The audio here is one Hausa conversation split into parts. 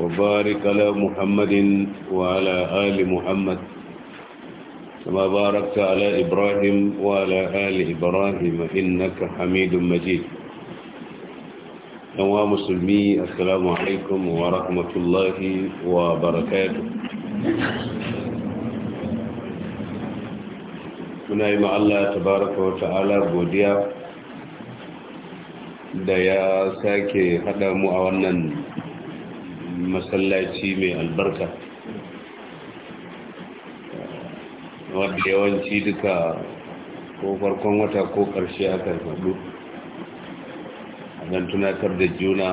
وبارك على محمد وعلى آل محمد كما باركت على إبراهيم وعلى آل إبراهيم إنك حميد مجيد نواة مسلمي السلام عليكم ورحمة الله وبركاته muna yi Allah tabaraka wa ta'ala godiya da ya sake haɗa mu a wannan masallaci mai albarka wadda yawanci duka ko farkon wata ko ƙarshe aka faɗu don tunatar da juna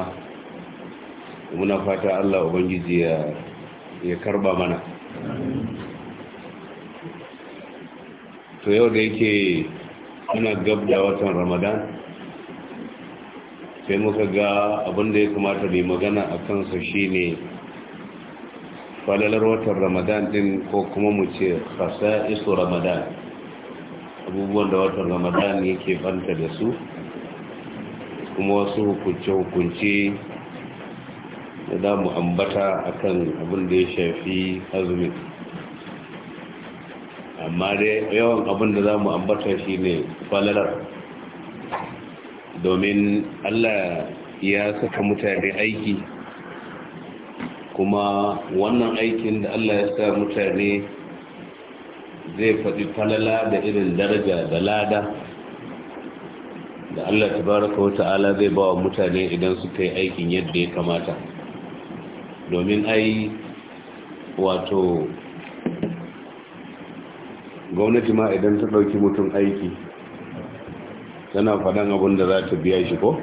muna fata allah ubangiji ya karba mana to yau da yake muna gab da watan ramadan sai muka ga abinda ya kamata mai magana a kansa shine falalar watan ramadan din ko kuma mu ce fasa iso ramadan abubuwan da watan ramadan yake fanta da su kuma wasu hukunce-hukunce da za mu ambata akan abin da ya shafi azumi amma dai yawan abin da za mu ambata shine falalar domin Allah ya saka mutane aiki kuma wannan aikin da Allah ya sa mutane zai faɗi falala da irin daraja da lada da Allah tabaraka wata'ala zai bawa mutane idan suka yi aikin yadda ya kamata domin ai wato gwamnati ma idan ta ɗauki mutum aiki tana faɗan abin da za ta biya shi ko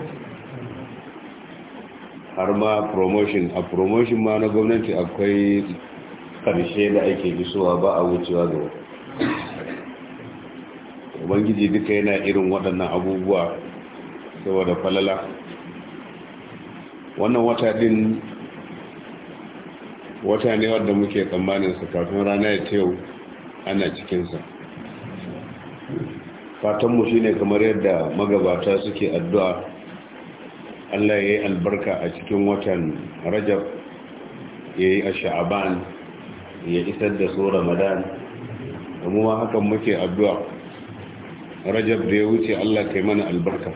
har ma promotion a promotion ma na gwamnati akwai ƙarshe da ake gisowa ba a wucewa ga ubangiji duka yana irin waɗannan abubuwa saboda falala wannan wata din wata ne wadda muke tsammanin su kafin rana ya yau ana cikinsa fatanmu shi ne kamar yadda magabata suke addu'a Allah ya yi albarka a cikin watan rajab ya yi a sha'aban ya isar da su ramadan amma ma hakan muke addu'a rajab da ya wuce Allah kai mana albarka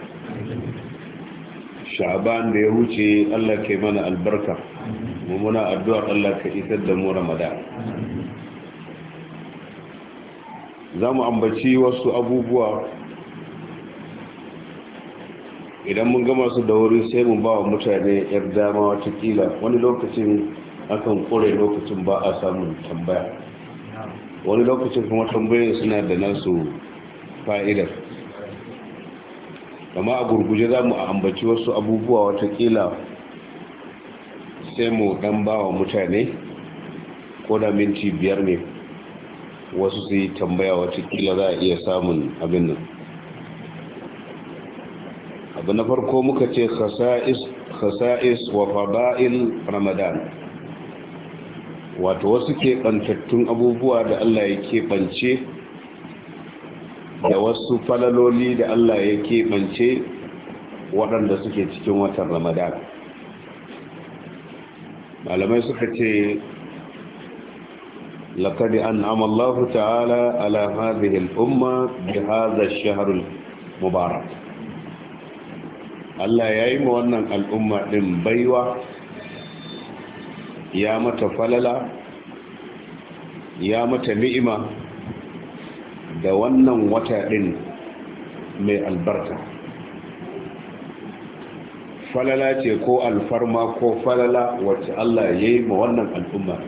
sha'aban da ya wuce Allah kai mana albarka mummuna muna addu'ar Allah ka isar da mu ramadan za mu ambaci wasu abubuwa idan mun gama su da wuri sai mun ba wa mutane yar dama watakila wani lokacin akan kore lokacin ba a samun tambaya wani lokacin kuma tambayoyin suna da nasu fa'idar kama a gurguje za mu ambaci wasu abubuwa watakila sai mu dan ba wa mutane ko da minti biyar ne wasu su yi tambaya watakila za a iya samun abin nan abu na farko muka ce khasa'is wa fada'il ramadan wato wasu keɓantattun abubuwa da allah ya keɓance da wasu falaloli da allah ya keɓance waɗanda suke cikin watan ramadan malamai suka ce لقد أنعم الله تعالى على هذه الأمة بهذا الشهر المبارك الله يعيم أن الأمة إن بيوة يا متفللة يا متنئمة da wannan wata ɗin mai albarka falala ce ko alfarma ko falala wacce Allah ya yi ma wannan al'umma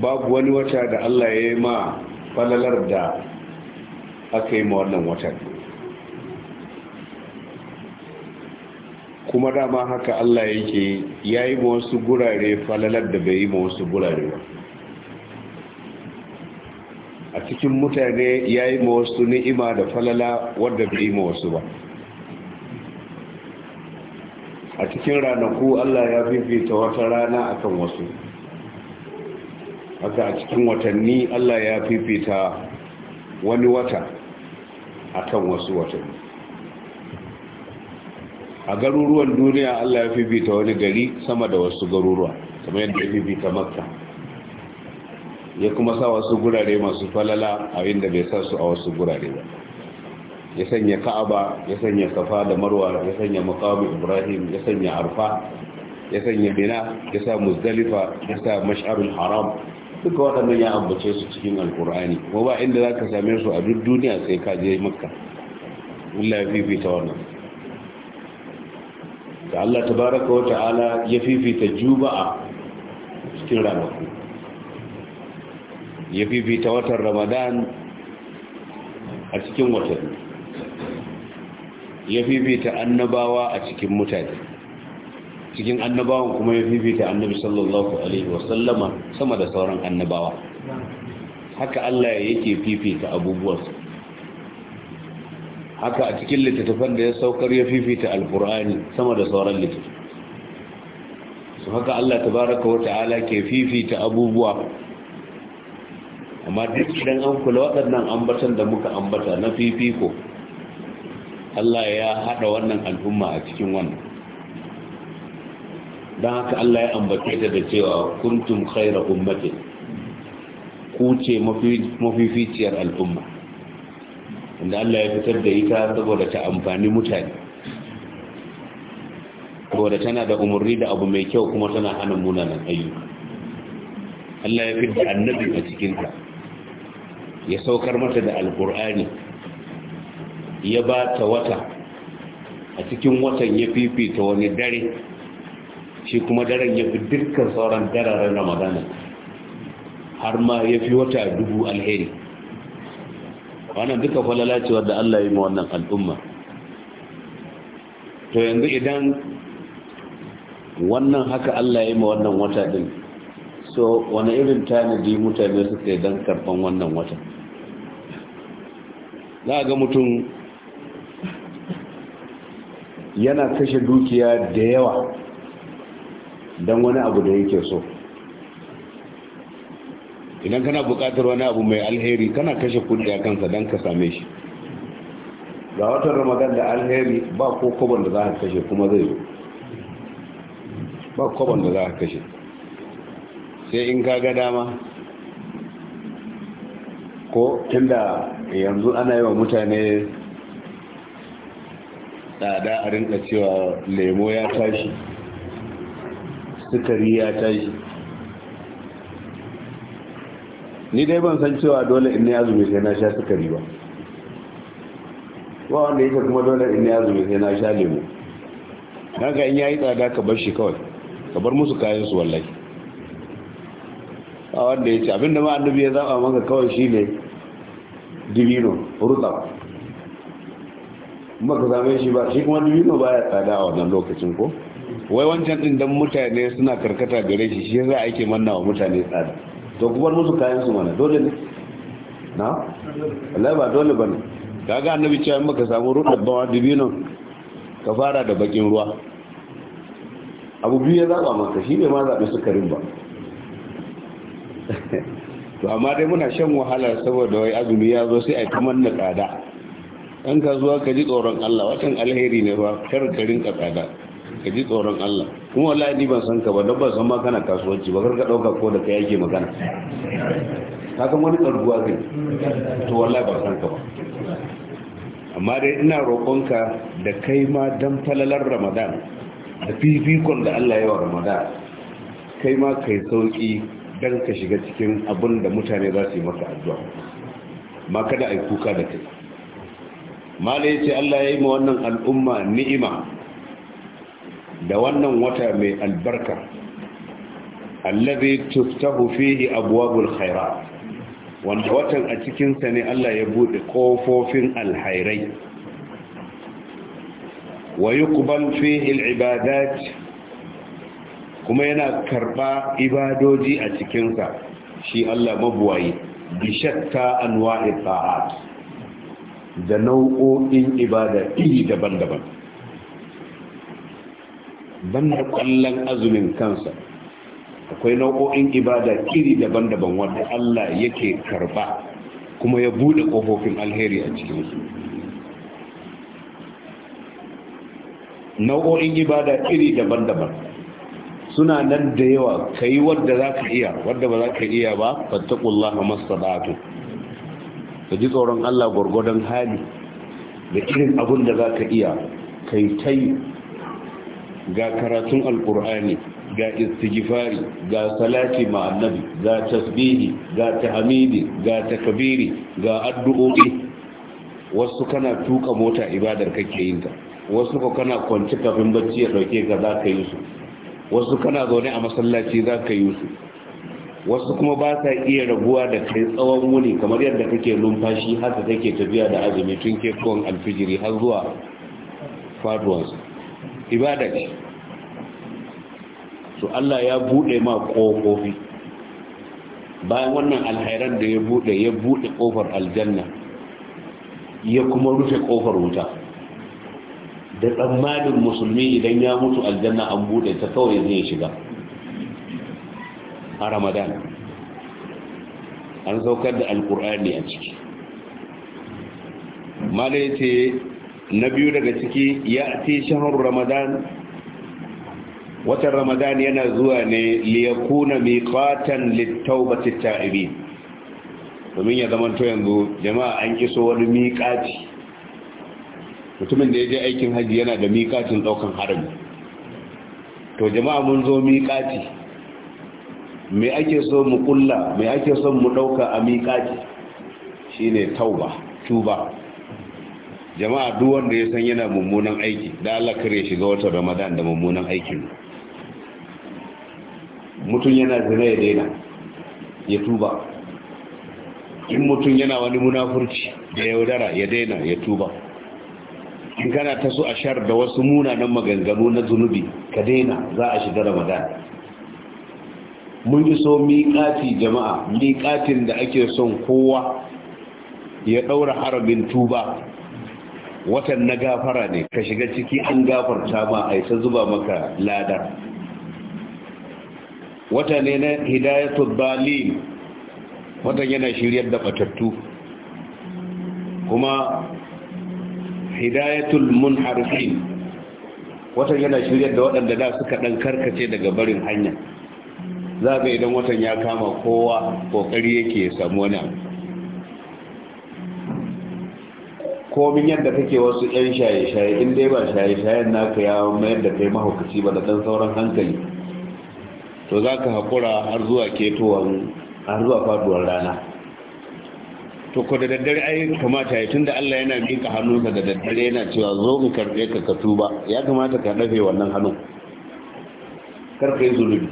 babu wani wata da Allah ya yi ma falalar da aka yi ma wannan watan kuma dama haka Allah yake ya yi ma wasu gurare falalar da bai yi ma wasu gurare ba a cikin mutane ya yi ma wasu ni'ima da falala wadda bai yi ma wasu ba a cikin ranaku Allah ya fifita wata rana akan wasu haka a cikin watanni Allah ya fifita wani wata a kan wasu watanni a garuruwan duniya Allah ya fifita wani gari sama da wasu garuruwa kamar yadda ya fifita makka ya kuma sa wasu gurare masu falala a inda bai sa su a wasu gurare ba ya sanya ka'aba ya sanya safa da marwa ya sanya makamu ibrahim ya sanya arfa ya sanya mina ya sa muzdalifa ya sa mash'arul haram duka waɗannan ya ambace su cikin alkur'ani kuma ba inda za ka same su a duk duniya sai ka je makka Allah ya fifita wannan da Allah baraka wa ta'ala ya fifita juma'a cikin ranaku ya fifita watan ramadan a cikin watanni ya fifita annabawa a cikin mutane cikin annabawan kuma ya fifita annabi sallallahu alaihi wasallama sama da sauran annabawa haka Allah yake fifita abubuwansa haka a cikin littattafan da ya saukar ya fifita alkur'ani sama da sauran littattafan su haka Allah tabaraka wa ta'ala ke fifita abubuwa amma duk idan an kula waɗannan ambatan da muka ambata na fifiko Allah ya haɗa wannan al'umma a cikin wannan don haka Allah ya ambace ta da cewa kuntum khaira ummatin ku ce mafificiyar al'umma inda Allah ya fitar da ita saboda ta amfani mutane saboda tana da umarni da abu mai kyau kuma tana hana munanan ayyuka Allah ya fitar da annabi a cikinta ya saukar mata da alkur'ani ya ba ta wata a cikin watan ya fifita wani dare shi kuma daren ya fi dukkan sauran dararen ramadana har ma ya fi wata dubu alheri wannan duka falala ce da Allah ya yi ma wannan al'umma to yanzu idan wannan haka Allah ya yi ma wannan wata din so wani irin tanadi mutane suka yi don karban wannan wata za ga mutum yana kashe dukiya da yawa don wani abu da yake so idan kana bukatar wani abu mai alheri kana kashe kudi a kansa don ka same shi ga watan ramadan da alheri ba ko koban da za a kashe kuma zai yi ba koban da za a kashe sai in ka ga dama ko tunda yanzu ana yi wa mutane tsada a rinka cewa lemo ya tashi sukari ya tashi ni dai ban san cewa dole in ya zube sai na sha sukari ba ba wanda yake kuma dole in ya zube sai na sha lemu haka in yayi tsada ka bar shi kawai ka bar musu kayan su wallahi a wanda ya ce abinda ma annabi ya zaba maka kawai shine divino rutsa maka same shi ba shi kuma divino baya tsada a wannan lokacin ko wai wancan din dan mutane suna karkata gare shi shi yasa ake manna wa mutane tsada to kuma musu kayan su mana dole ne na Allah ba dole bane kaga annabi cewa maka samu ruɗa bawa dibino ka fara da bakin ruwa abu biyu ya zaba maka shi ne ma zaɓi sukarin ba to amma dai muna shan wahala saboda wai azumi ya zo sai a ta manna tsada an ka zuwa ka ji tsoron Allah watan alheri ne ba kar ka rinka tsada ka ji tsoron Allah kuma wallahi ni ban san ka ba dan ban san ma kana kasuwanci ba karka dauka ko da kai yake magana ka san wani karbuwa kai to wallahi ban san ka ba amma dai ina roƙonka da kai ma dan falalar Ramadan da fifikon da Allah ya wa Ramadan kai ma kai sauki dan ka shiga cikin abin da mutane za su yi maka addu'a ma kada ai kuka da kai mala ce Allah ya yi ma wannan al'umma ni'ima da wannan wata mai albarka allazi tuftahu fihi abwabul khairat wanda watan a cikin sa ne Allah ya bude kofofin alhairai wa yuqbal fihi alibadat kuma yana karba ibadoji a cikin sa shi Allah mabuwayi bi shatta anwa'i ta'at da nau'o'in ibada iri daban-daban banda kwallon azumin kansa akwai nau'o'in ibada iri daban-daban wanda Allah yake karba kuma ya bude kofofin alheri a cikinsu nau'o'in ibada iri daban-daban suna nan da yawa ka yi wadda za ka iya wadda ba za ka iya ba fattakullah a ka ji tsoron Allah gwargwadon hali da irin abin da za ka iya kai ta yi ga karatun alkur'ani ga istighfari ga salati ma annabi ga tasbihi ga tahmidi ga takbiri ga addu'o'i wasu kana tuka mota ibadar kake yin ta wasu ko kana kwanci kafin bacci ya dauke ka za ka yi su wasu kana zaune a masallaci za ka yi su wasu kuma ba sa iya rabuwa da kai tsawon wuni kamar yadda kake numfashi haka kake tafiya da azumi tun kekuwan alfijiri har zuwa faduwarsa ibada ne to Allah ya bude ma kofofi bayan wannan alhairan da ya bude ya bude kofar aljanna ya kuma rufe kofar wuta da tsammanin musulmi idan ya mutu aljanna an bude ta kawai zai shiga a ramadan an saukar da alkur'ani a ciki mala ya ce na biyu daga ciki ya ce shahar ramadan watan ramadan yana zuwa ne liyakuna miqatan littaubati ta'ibi domin ya zama yanzu jama'a an kiso wani miqati mutumin da ya je aikin haji yana da miqatin daukan harami to jama'a mun zo miqati me ake so mu ƙulla, me ake so mu dauka a miqati shine tauba tuba jama'a duk wanda ya san yana mummunan aiki da Allah kare shiga watan Ramadan da mummunan aikin mutum yana zina ya daina ya tuba in mutum yana wani munafurci da yaudara ya daina ya tuba in kana ta so a shar da wasu munanan maganganu na zunubi ka daina za a shiga Ramadan mun yi so miƙati jama'a miƙatin da ake son kowa ya ɗaura harabin tuba watan na gafara ne ka shiga ciki an gafarta ma a isa zuba maka lada wata ne na hidayatul Balin, watan yana shiryar da batattu kuma hidayatul munharifin watan yana shiryar da waɗanda da suka ɗan karkace daga barin hanya za ga idan watan ya kama kowa ƙoƙari yake samu wani abu komin yadda kake wasu yan shaye-shaye in dai ba shaye-shayen naka ya mayar da kai mahaukaci ba da ɗan sauran hankali to za ka haƙura har zuwa ketowar har zuwa faduwar rana to ko da daddare ai kamata ya tunda Allah yana miƙa hannunsa da daddare yana cewa zo mu karɓe ka ka tuba ya kamata ka dafe wannan hannun kar ka yi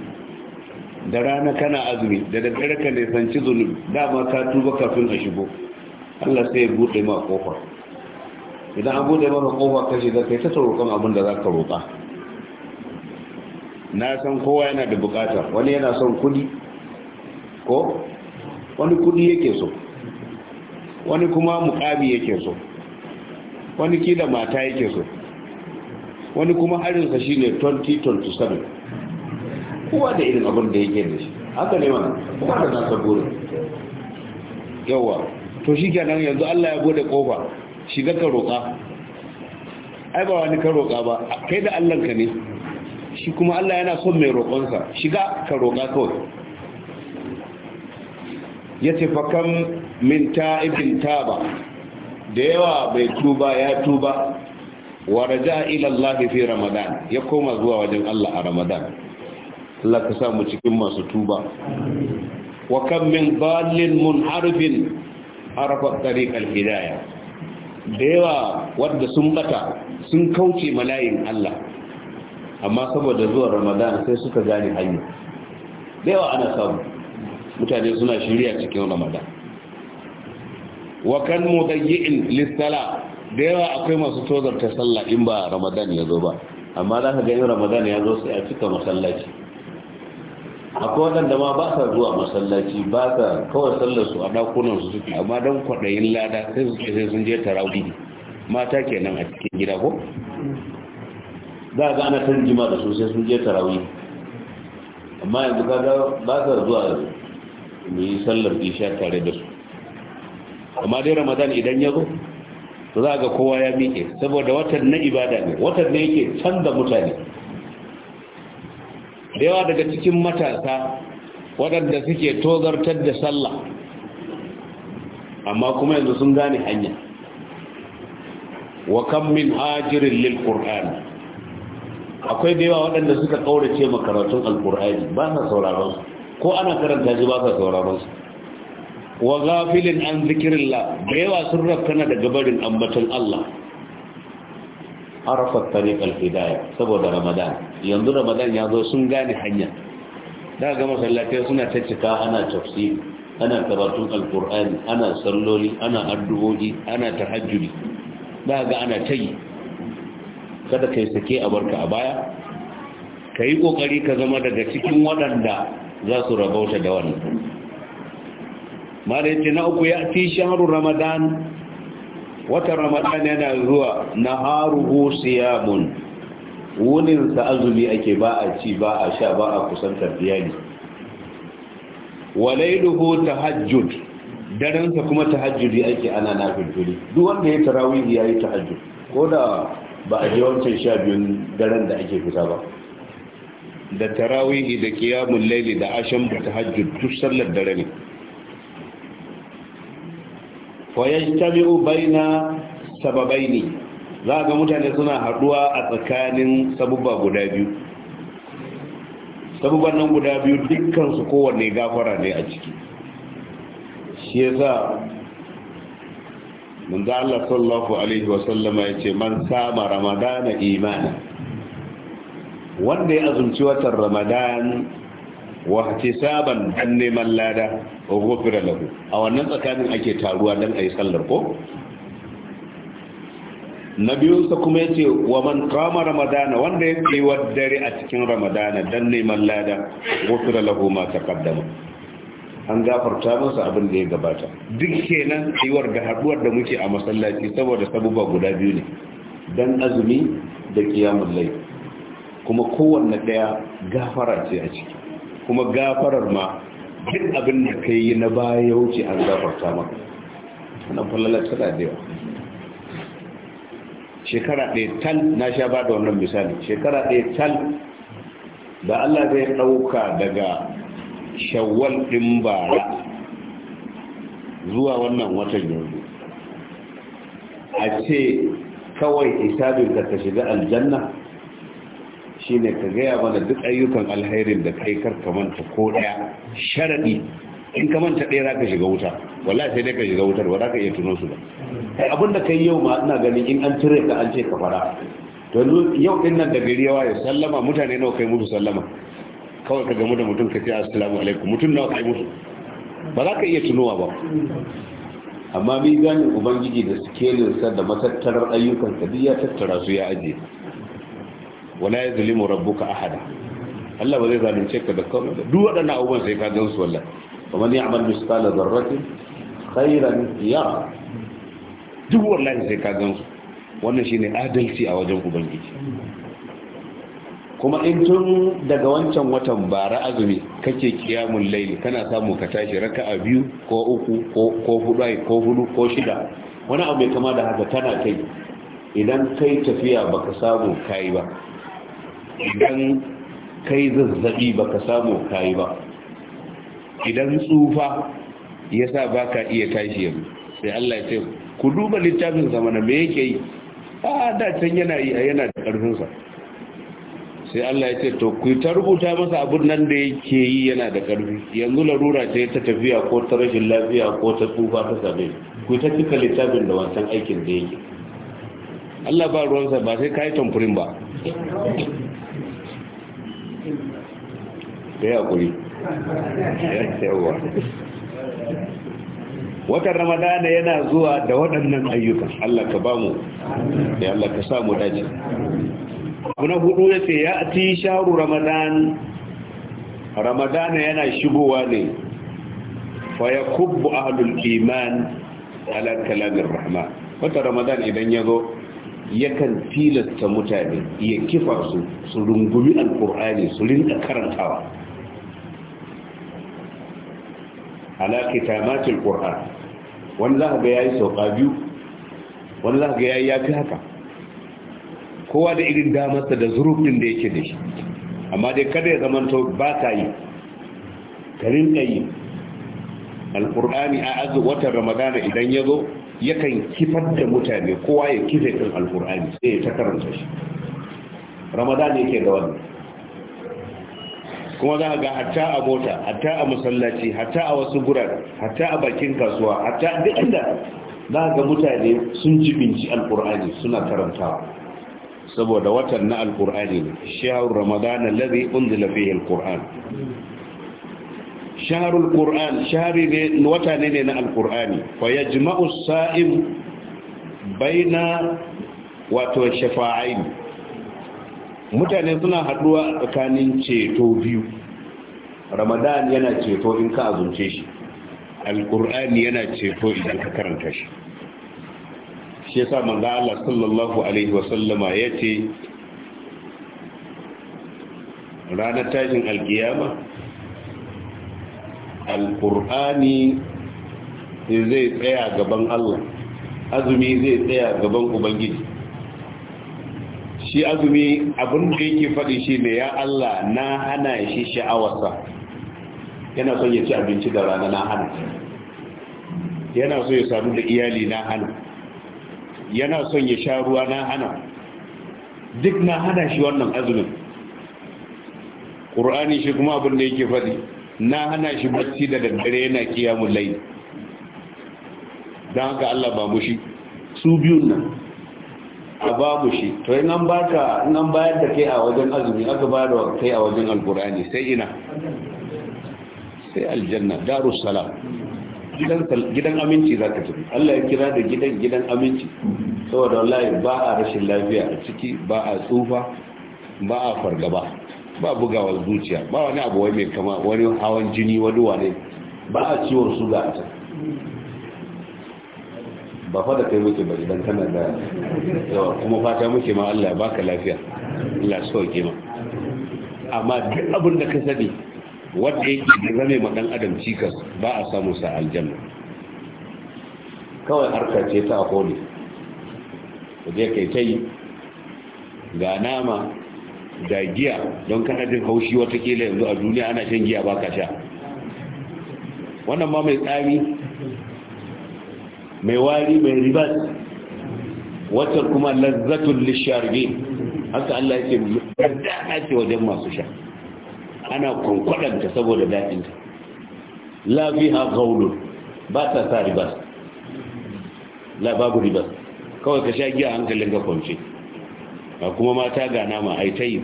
da rana kana azumi da daddare ka nisanci zunubi dama ka tuba kafin a shigo Allah sai ya buɗe ma kofar idan an bude maka kofa ka shiga kai ta roƙon abin da za ka roƙa na san kowa yana da bukata wani yana son kudi ko wani kudi yake so wani kuma mukabi yake so wani kila mata yake so wani kuma harinsa shi ne 2027 kowa da irin abin da yake da shi haka ne mana kowa da nasa burin yawa to shi kenan yanzu allah ya bude kofa shiga ka roƙa ai ba wani ka roƙa ba kai da allanka ne shi kuma allah yana son mai roƙonsa shiga ka roƙa kawai ya ce kan min ta'ibin taba da yawa bai tuba ya tuba wa raja ila allah fi ramadan ya koma zuwa wajen allah a ramadan allah ka samu cikin masu tuba wa kan min mun munharifin arafa tariqal hidayah da yawa wadda sun bata sun kauce malayin Allah amma saboda zuwa ramadan sai suka gane hanyar, da yawa ana samu mutane suna shirya cikin ramadan wa kan mudayyin lissala da yawa akwai masu tozarta sallah in ba ramadan ya zo ba amma za ka gani ramadan ya zo sai a cika masallaci akwai waɗanda ma ba sa zuwa masallaci ba sa kawai sallar su a dakunan su suke amma don kwaɗayin lada sai su sai sun je tarawih mata kenan a cikin gida ko za ga ana tan jima da su sai sun je tarawih amma yanzu kaga ba sa zuwa mu yi sallar isha tare da su amma dai ramadan idan ya zo to za ga kowa ya miƙe saboda watan na ibada ne watan ne yake canza mutane da yawa daga cikin matasa waɗanda suke tozartar da sallah amma kuma yanzu sun gane hanya wa kan min hajirin lil ƙur'ani. akwai da yawa waɗanda suka ƙaurace makarantun alqur'ani ba sa sauraron su ko ana karanta shi ba sa sauraron su wa gafilin an zikirin la, da yawa sun rafkana daga barin ambatan Allah arafat al hidayah saboda ramadan yanzu ramadan ya zo sun gane hanya da ga masallatai suna ta cika ana tafsiri ana karatun alqur'ani ana salloli ana addu'o'i ana tahajjudi da ga ana tayi kada kai sake a barka a baya kai kokari ka zama daga cikin waɗanda za su rabauta da wannan mare ce na uku ya ti shahru ramadan wata ramadan yana zuwa naharuhu siyamun wunin sa azumi ake ba a ci ba a sha ba a kusantar iyali walailuhu tahajjud daren sa kuma tahajjudi ake ana nafilfili duk wanda ya tarawih yi tahajjud ko da ba a je wancan sha biyun daren da ake fita ba da tarawihi da kiyamun laili da ashan da tahajjud duk sallar dare ne wa yajtami'u baina sababaini za ga mutane suna haduwa a tsakanin sabubba guda biyu sabubban nan guda biyu dukkan su kowanne gafara ne a ciki shi yasa manzo Allah sallallahu alaihi wa sallama ce man sama ramadana imana wanda ya azumci watan ramadan wa hisaban dan neman lada wa gofira lahu a wannan tsakanin ake taruwa dan ayi sallar ko na sa kuma ya ce wa man kama ramadana wanda ya wa dare a cikin ramadana dan neman lada gofira lahu ma taqaddama an gafarta masa abin da ya gabata duk kenan tsayuwar da haduwar da muke a masallaci saboda sabuba guda biyu ne dan azumi da kiyamun lai kuma kowanne daya gafara ce a ciki kuma gafarar ma duk abin da ka yi na baya ya wuce an gafarta maka nan falala tana da yawa shekara ɗaya tal na sha ba da wannan misali shekara ɗaya tal da Allah zai ɗauka daga shawwal ɗin bara zuwa wannan watan yanzu a ce kawai isabinka ka shiga aljanna Shi ne ka gaya mana duk ayyukan alherin da kai kar ka manta ko daya sharadi in ka manta daya zaka shiga wuta wallahi sai dai ka shiga wutar ba zaka iya tuno su ba kai abin da kai yau ma ina ganin in an tire ka an ce ka fara to yau din nan da gari yawa ya sallama mutane nawa kai musu sallama kawai ka gamu da mutum ka ce assalamu alaikum mutum nawa kai musu ba za ka iya tunowa ba amma ganin ubangiji da sa da matattarar ayyukan duk ya tattara su ya ajiye wala ya zulimu rabbuka ahada Allah ba zai zalunce ka da da duk waɗannan abubuwan sai ka gansu wallahi kamar ni amal misqala dharratin khairan yara duk wallahi sai ka gansu wannan shine adalci a wajen ubangiji kuma in tun daga wancan watan bara azumi kake kiyamun laili kana samu ka tashi raka'a biyu ko uku ko hudu ko hudu ko shida wani abu mai kama da haka tana kai idan kai tafiya baka samu kai ba idan kai zazzabi baka samu kai ba idan tsufa ya sa ba ka iya tashi yanzu sai Allah ya ce ku duba littafin zamana me yake yi a da can yana yi yana da ƙarfinsa sai Allah ya ce to ku ta rubuta masa abun nan da yake yi yana da ƙarfi yanzu larura ce ta tafiya ko ta rashin lafiya ko ta tsufa ta same ku ta cika littafin da wancan aikin da yake Allah ba ruwansa ba sai ka yi tamfurin ba da ya kuri yawa watan ramadana yana zuwa da waɗannan ayyukan Allah ka bamu da Allah ka samu daji abu hudu ya ce ya ti sharu ramadan ramadana yana shigowa ne fa ya kubbu ahlul iman ala kalamin rahma wata ramadan idan ya zo yakan tilasta mutane ya kifa su su rungumi alkur'ani su rinka karantawa ala kitamatil qur'an wani za ka ga yayi sauka biyu wani za ka ga yayi yafi haka kowa da irin damarsa da zurufin da yake da shi amma dai kada ya zamanto ba ta yi ka rinka yi alkur'ani a azu watan ramadana idan ya zo yakan kifar da mutane kowa ya kife kan alkur'ani sai ya ta karanta shi ramadana yake da wannan kuma za a ga hatta a mota hatta a masallaci hatta a wasu gurar hatta a bakin kasuwa hatta duk inda za a ga mutane sun binci alkur'ani suna karantawa saboda watan na alkur'ani ne shaharul ramadana ladhi unzila fihi alkur'an shaharul qur'an shahri ne wata ne na alkur'ani fa yajma'u as-sa'im baina wato shafa'ain mutane suna haduwa tsakanin ceto biyu ramadan yana ceto in ka azumce shi Alƙur'ani yana ceto idan ka karanta shi shi yasa manzo Allah sallallahu alaihi wasallama yace ranar tashin alkiyama alkur'ani zai tsaya gaban Allah azumi zai tsaya gaban ubangiji shi azumi abin da yake faɗi shi ne ya Allah na hana shi sha'awarsa yana son ya ci abinci da rana na hana yana so ya sadu da iyali na hana yana son ya sha ruwa na hana duk na hana shi wannan azumin ƙur'ani shi kuma abin da yake faɗi na hana shi bacci da daddare yana kiyamun lai don haka Allah ba mushi su biyun nan a babu shi to nan an baka nan bayar da kai a wajen azumi aka bayar da kai a wajen alkurani sai ina sai aljanna darus salam gidan aminci za ka tafi Allah ya kira da gidan gidan aminci saboda wallahi ba a rashin lafiya a ciki ba a tsufa ba a fargaba ba bugawa zuciya ba wani abu wai mai kama wani hawan jini wani wane ba a ciwon suga a can ba fa da kai muke ba idan kana da yawa kuma fata muke ma Allah ya baka lafiya Allah ya sauke ma amma duk abin da ka sani wanda yake zame ma dan adam cikas ba a samu sa aljanna kawai harka ce ta holi je kai ta ga nama da giya don kana jin haushi kila yanzu a duniya ana shan giya baka sha wannan ma mai tsari. mai wari mai ribas watar kuma lazzatun lisharbi haka Allah ya ce dana ce wajen masu sha ana kwankwadanta saboda daɗinta lafiha gaulun ba ta sa ribas la babu ribas kawai ka sha giya hankalin ga kwance ba kuma mata ga nama ai ta yi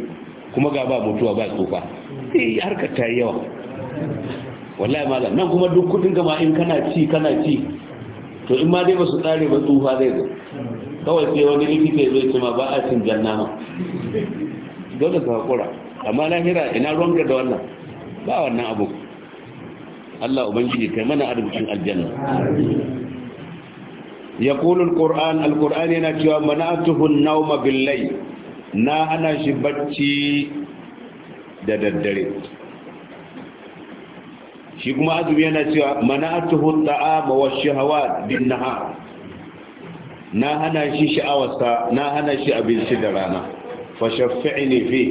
kuma ga ba mutuwa ba tsofa eh harkar ta yi yawa wallahi malam nan kuma duk kudin gama in kana ci kana ci to in ma dai ba su tsare ba tsufa zai zo kawai sai wani likita zai zo ce ma ba a cin janna ma dole ka hakura amma lahira ina ruwanka da wannan ba wannan abu Allah ubangiji kai mana arzikin aljanna yana cewa mana القرآن nauma منعته na ana shi bacci da daddare. shi kuma azumi yana cewa mana'atuhu ta'ama wa shahawat bin nahar na hana shi sha'awarsa na hana shi abinci da rana fa shaffi'ni fi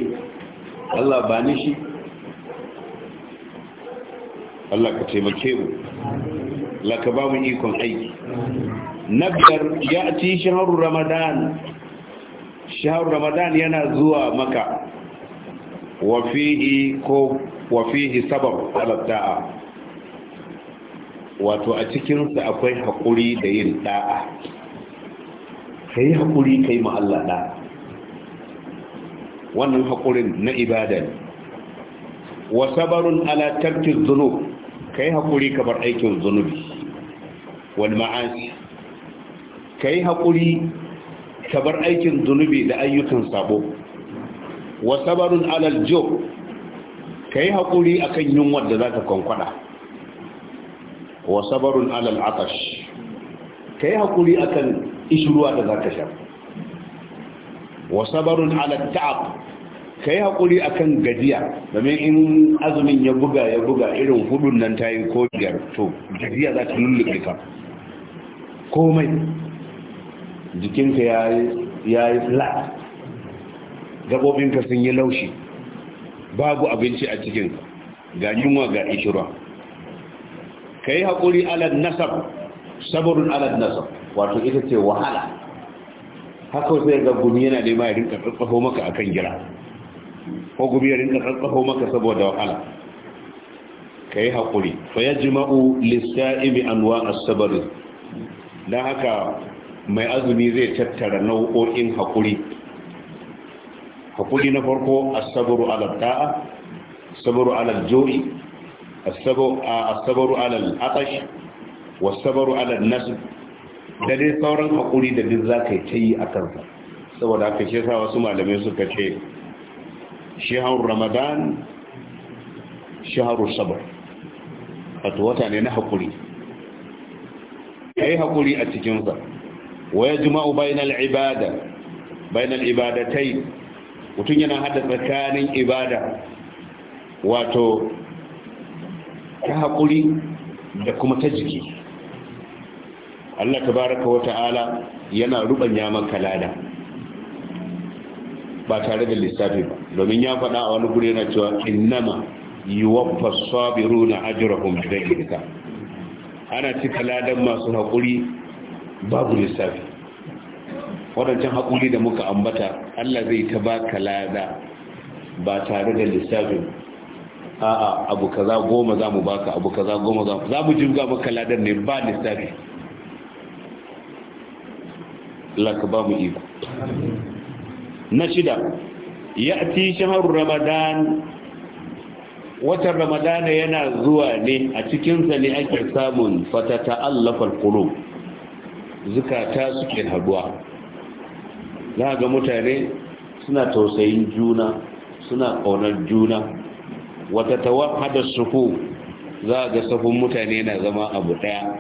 Allah ba ni shi Allah ka taimake mu Laka ka ba mu ikon aiki na biyar ya ci shahararru ramadan shahararru ramadan yana zuwa maka wafihi ko wafihi sabab ala wato a cikinsa akwai haƙuri da yin ɗa'a ka yi haƙuri ka yi ma'alla ɗa'a wannan haƙurin na ibada ne wa sabarun ala tarkin zunub ka yi haƙuri ka bar aikin zunubi Wani ma'asi ka yi haƙuri ka bar aikin zunubi da ayyukan sabo wa sabarun alal jo ka yi haƙuri akan yunwar da za ka kwankwada wa sabarun alal atash ka yi haƙuri a kan ishiruwa da za ka sha wa sabarun alal ta'ab ka yi haƙuri a kan gajiya domin in azumin ya buga ya buga irin hudun nan ta yi ko biyar to gajiya za ta lullube ka komai jikinka ya yi flat gaɓoɓinka sun yi laushi babu abinci a cikinka ga yunwa ga ishiruwa ka yi haƙuri alad nasar, saburin alad nasar. wato ita ce wahala haka sai ga gumi yana nema ya rinka tsatsaho maka a kan gira ko gumi ya rinka tsatsaho maka saboda wahala ka yi haƙuri fa ya jima'u lissa'imi anwa asabarin don haka mai azumi zai tattara nau'o'in haƙuri haƙuri na farko asabaru alal ta'a sabaru alal jo'i asabaru alal atash wasabaru alal nasu da dai sauran hakuri da duk za ka yi ta yi a kansa saboda haka shi sa wasu malamai suka ce shehar ramadan shaharu sabar wato wata ne na hakuri ya yi hakuri a cikinsa waya juma'u bainal ibada bainal ibadatai mutum yana hada tsakanin ibada wato ta haƙuri da kuma ta jiki Allah tabaraka wa ta'ala yana rubanya maka lada ba tare da lissafi ba domin ya faɗa a wani guri yana cewa innama yuwaffa sabiruna ajrahum bighayri hisab ana cika ladan masu haƙuri babu lissafi wadancan haƙuri da muka ambata Allah zai ta ka lada ba tare da lissafi a'a abu kaza goma za mu baka abu kaza goma za mu za mu jirga maka ladan ne ba lissafi Allah ka ba mu iko na shida ya ti shahar ramadan watan ramadan yana zuwa ne a cikinsa ne ake samun fatata allafar alqulub zukata suke haduwa za ga mutane suna tausayin juna suna ƙaunar juna wata tawahada suhu za ga safin mutane na zama abu daya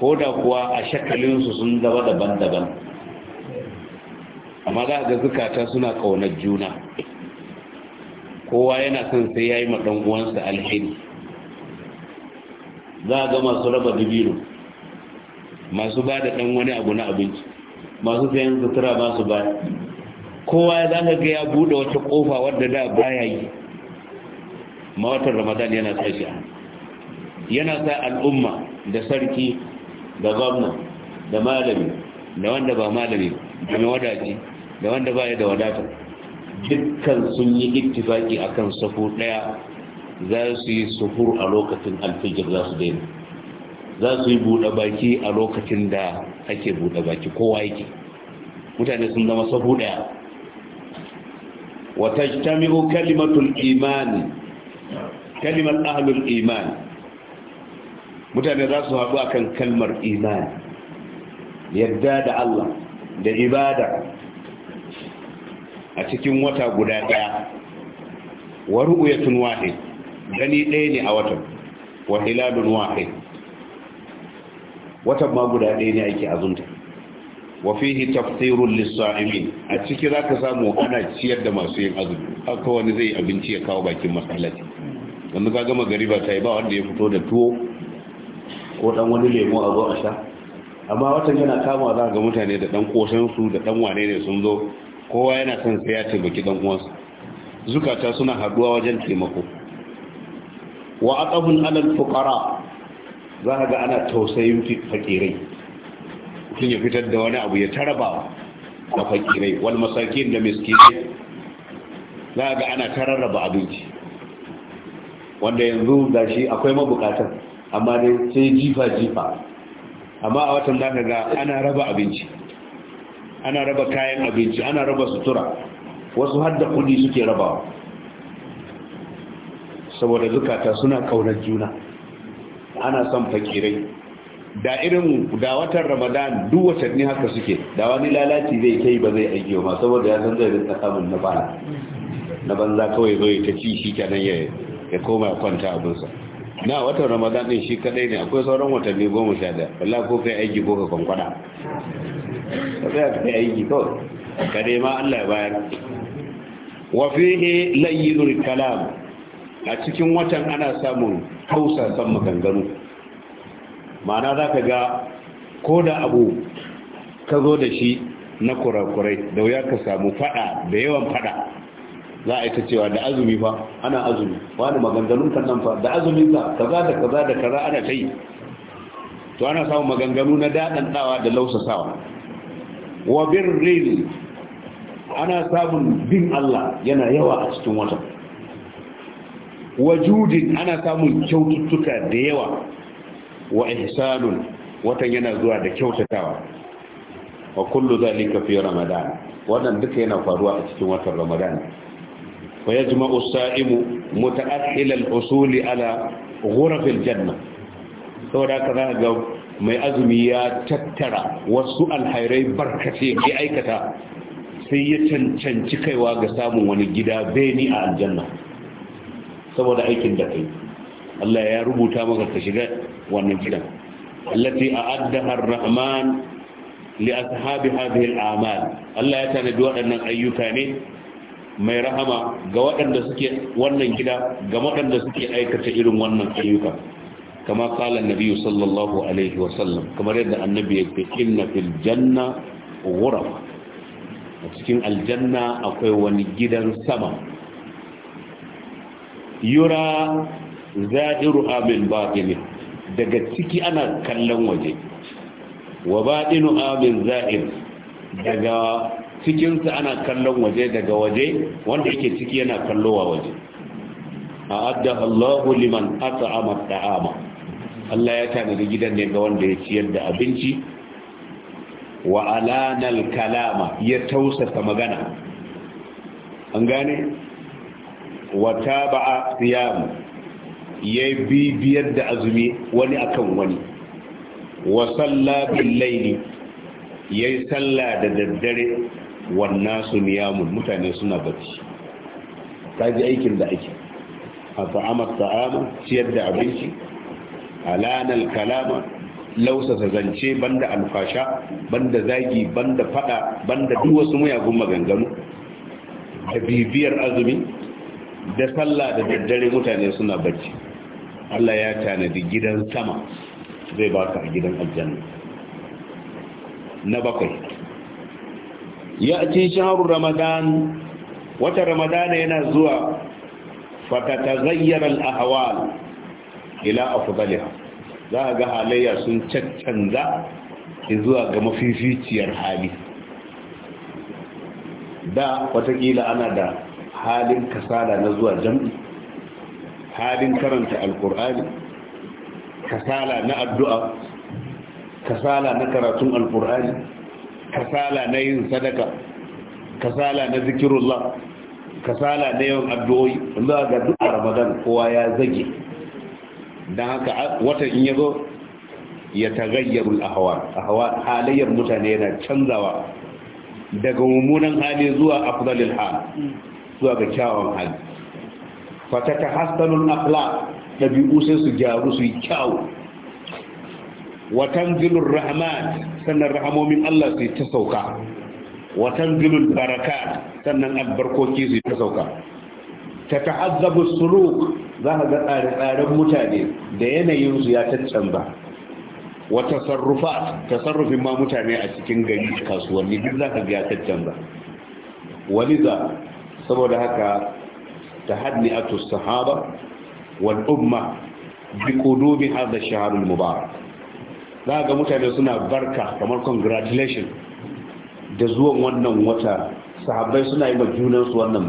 ko da kuwa a shakalinsu sun zama daban-daban amma za ga zukata suna kaunar juna kowa yana son sai ya yi maɗan uwansa alheri za ga masu raba dubiro masu ba da ɗan wani abu na abinci masu sayan sutura masu ba kowa za ka ga ya buɗe wata ƙofa wadda da baya yi ma watan ramadan yana sa shi yana sa al'umma da sarki da gwamna da malami da wanda ba malami da mai wadaci da wanda baya da wadata dukkan sun yi ittifaki akan safu daya za su yi suhur a lokacin alfijir za su daina za su yi buɗe baki a lokacin da ake buɗe baki kowa yake mutane sun zama safu daya wa tajtami'u kalimatul imani kalimar ahlul imani mutane za su haɗu akan kalimar imani yadda da Allah da ibada a cikin wata guda ɗaya wa ru'yatun wahid gani ɗaya ne a watan watan ma guda ɗaya ne ake azunta wa fihi tafsirul lisa'imin a ciki zaka samu ana ciyar da masu yin azumi haka wani zai abinci ya kawo bakin masallaci Wanda ka gama gariba ta yi ba wanda ya fito da tuwo ko dan wani lemo a zo a sha amma watan yana kama za ga mutane da dan koshin su da dan wane ne sun zo kowa yana son sai ya taimaki dan uwansa zukata suna haduwa wajen taimako wa aqafun alal fuqara za ga ana tausayin fakirai mutum ya fitar da wani abu ya taraba da fakirai wal masakin da miskinai za ga ana tararraba abinci wanda yanzu ga shi akwai mabukatan amma dai sai jifa-jifa amma a watan zaka ga ana raba abinci ana raba kayan abinci ana raba sutura wasu hadda kudi suke rabawa saboda zukata suna kaunar juna ana son fakirai da irin da watan ramadan duk watanni haka suke da wani lalaci zai kai ba zai aiki ba saboda ya san zai rinka samun na bana na banza kawai zai ta ci shi ta nan ya koma ya kwanta abinsa na watan ramadan din shi kadai ne akwai sauran watanni goma sha daya wallahi ko kai aiki ko ka kwankwada ka tsaya ka kai aiki kawai ka nema allah ya bayar wa fihi layyinul kalam a cikin watan ana samun hausa san maganganu ma'ana za ka ga ko da abu ka zo da shi na kurakurai da wuya ka samu fada da yawan fada za a yi ta cewa da azumi fa ana azumi wani maganganun kan nan fa da azumin ka kaza da kaza da kaza ana ta yi to ana samun maganganu na ɗawa da lausasawa wa birril ana samun bin Allah yana yawa a cikin wata wajudin ana samun kyaututtuka da yawa wa ihsanun watan yana zuwa da kyautatawa wa kullu zalika fi ramadan wannan duka yana faruwa a cikin watan ramadan wa yajma'u as-sa'imu muta'akhkhil al-usuli ala ghuraf al-janna saboda haka za ga mai azumi ya tattara wasu alhairai barkace ya aikata sai ya cancanci kaiwa ga samun wani gida beni a aljanna saboda aikin da kai Allah ya rubuta maka ta shiga wannan gidan allati a'addaha ar-rahman li ashabi hadhihi al-a'mal Allah ya tanadi waɗannan ayyuka ne mai rahama ga waɗanda suke wannan gida ga waɗanda suke aikata irin wannan ayyuka kama kala nabi sallallahu alaihi wa sallam kamar yadda annabi ya ce inna fil janna ghuraf a cikin aljanna akwai wani gidan sama yura zahiru amin batini daga ciki ana kallon waje wa batinu amin zahir daga cikinsa ana kallon waje daga waje wanda yake ciki yana kallowa waje a adda Allahu liman at'ama ta'ama Allah ya tanadi gidan ne ga wanda ya ciyar da abinci wa alanal kalama ya tausasa magana an gane wa taba'a siyamu ya bibiyar da azumi wani akan wani wa salla bil ya yayi salla da daddare wannan su niyamun mutane suna bacci kaji aikin da ake a ta'amar ta'ama ciyar da abinci alanar kalama lausasa zance banda alfasha banda zagi banda fada banda duk wasu muyagun maganganu da bibiyar azumi da salla da daddare mutane suna bacci Allah ya tanadi gidan sama zai baka a gidan aljanna na bakwai ya ce shaharun ramadan wata ramadana yana zuwa fatatazayyar al'ahawal ila afdaliha za a ga halayya sun caccanza zuwa ga mafificiyar hali da watakila ana da halin kasala na zuwa jam'i halin karanta alkur'ani kasala na addu'a kasala na karatun alkur'ani kasala na yin sadaka kasala na zikirullah kasala na yawan addu'o'i Allah ga duk ramadan kowa ya zage don haka watan in yazo ya tagayyaru ahwa ahwa halayyar mutane yana canzawa daga mummunan hali zuwa afdalil hal zuwa ga kyawun hali fatata akla akhlaq dabi'u sai su gyaru su yi kyau Watan tanzilur rahmat sannan rahamomin Allah yi ta sauka Watan tanzilul baraka, sannan albarkoki yi ta sauka ta ta'azzabu suluk za ka ga tsare-tsaren mutane da yanayin su ya taccamba wa tasarrufat tasarrufin ma mutane a cikin gari kasuwanni duk za ka ga ya Wani waliza saboda haka تهنئة الصحابة والأمة بقدوم هذا الشهر المبارك za ga mutane suna barka kamar congratulation da zuwan wannan wata sahabbai suna yi junansu wannan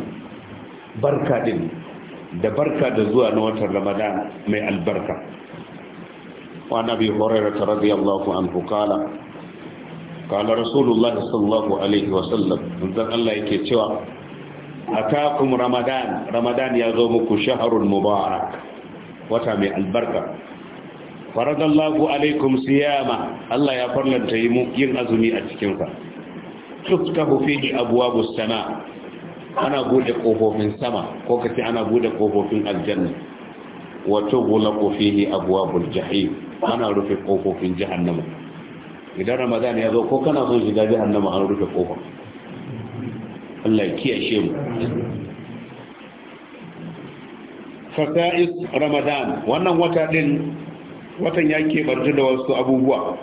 barka din da barka da zuwa na watan ramadan mai albarka wa nabi hurairah radiyallahu anhu qala qala rasulullah sallallahu alaihi wa sallam dan Allah yake cewa A ramadan ramadan ya zo muku shahrun mubarak wata mai albarka faradallahu alaikum siyama Allah ya farlanta yi yin azumi a cikin sa tuftahu fihi abwabus sama ana bude kofofin sama ko kace ana bude kofofin aljanna wa tughlaqu fihi abwabul jahim ana rufe kofofin jahannama idan ramadan ya zo ko kana son shiga jahannama an rufe kofofin Allah ya kiyashe mu fasa'is ramadan wannan wata din watan ya keɓarci da wasu abubuwa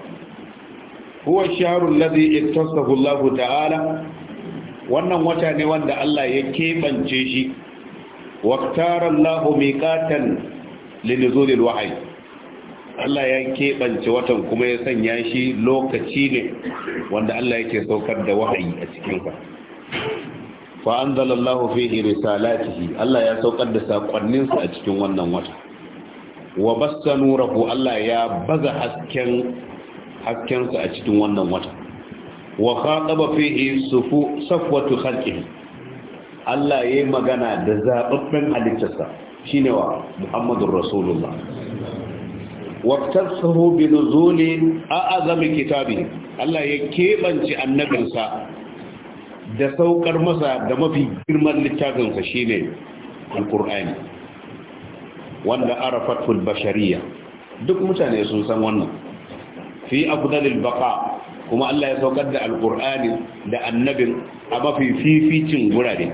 huwa shaharun lazi ittasahu Allah ta'ala wannan wata ne wanda Allah ya keɓance shi Allahu Allah miqatan linuzulil wahyi Allah ya keɓance watan kuma ya sanya shi lokaci ne wanda Allah yake saukar da wahayi a cikin sa fa anzalallahu fihi risalatihi Allah ya saukar da sakonnin a cikin wannan wata wa bassa nurahu Allah ya baza hasken hasken sa a cikin wannan wata wa khataba fihi sufu safwatu khalqihi Allah yayi magana da zababben halittarsa shine wa Muhammadur Rasulullah waktarsahu bi nuzuli a'azami kitabi Allah ya kebance annabinsa da saukar masa da mafi girman littafinsa shine alkur'ani wanda arafatul bashariya duk mutane sun san wannan fi afdalil baqa kuma Allah ya saukar da alkur'ani da annabin a mafi fificin gurare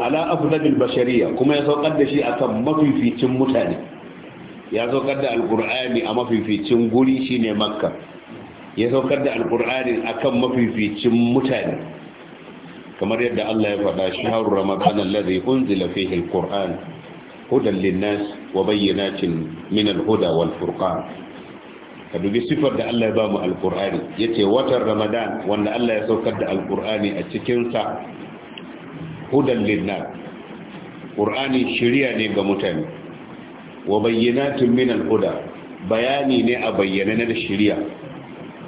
ala afdalil bashariya kuma ya saukar da shi akan mafi ficin mutane ya saukar da alkur'ani a mafi ficin guri shine makka ya saukar da alkur'ani akan ficin mutane kamar yadda Allah ya faɗa shahar ramadan alladhi unzila fihi Qur'an, hudan linnas wa bayyinatin min alhuda wal furqan ka sifar da Allah ya ba mu alqur'ani yace watan ramadan wanda Allah ya saukar da Al-Qur'ani a cikin sa hudan linnas qur'ani shiriya ne ga mutane wa bayyinatin min alhuda bayani ne a bayyane na shiriya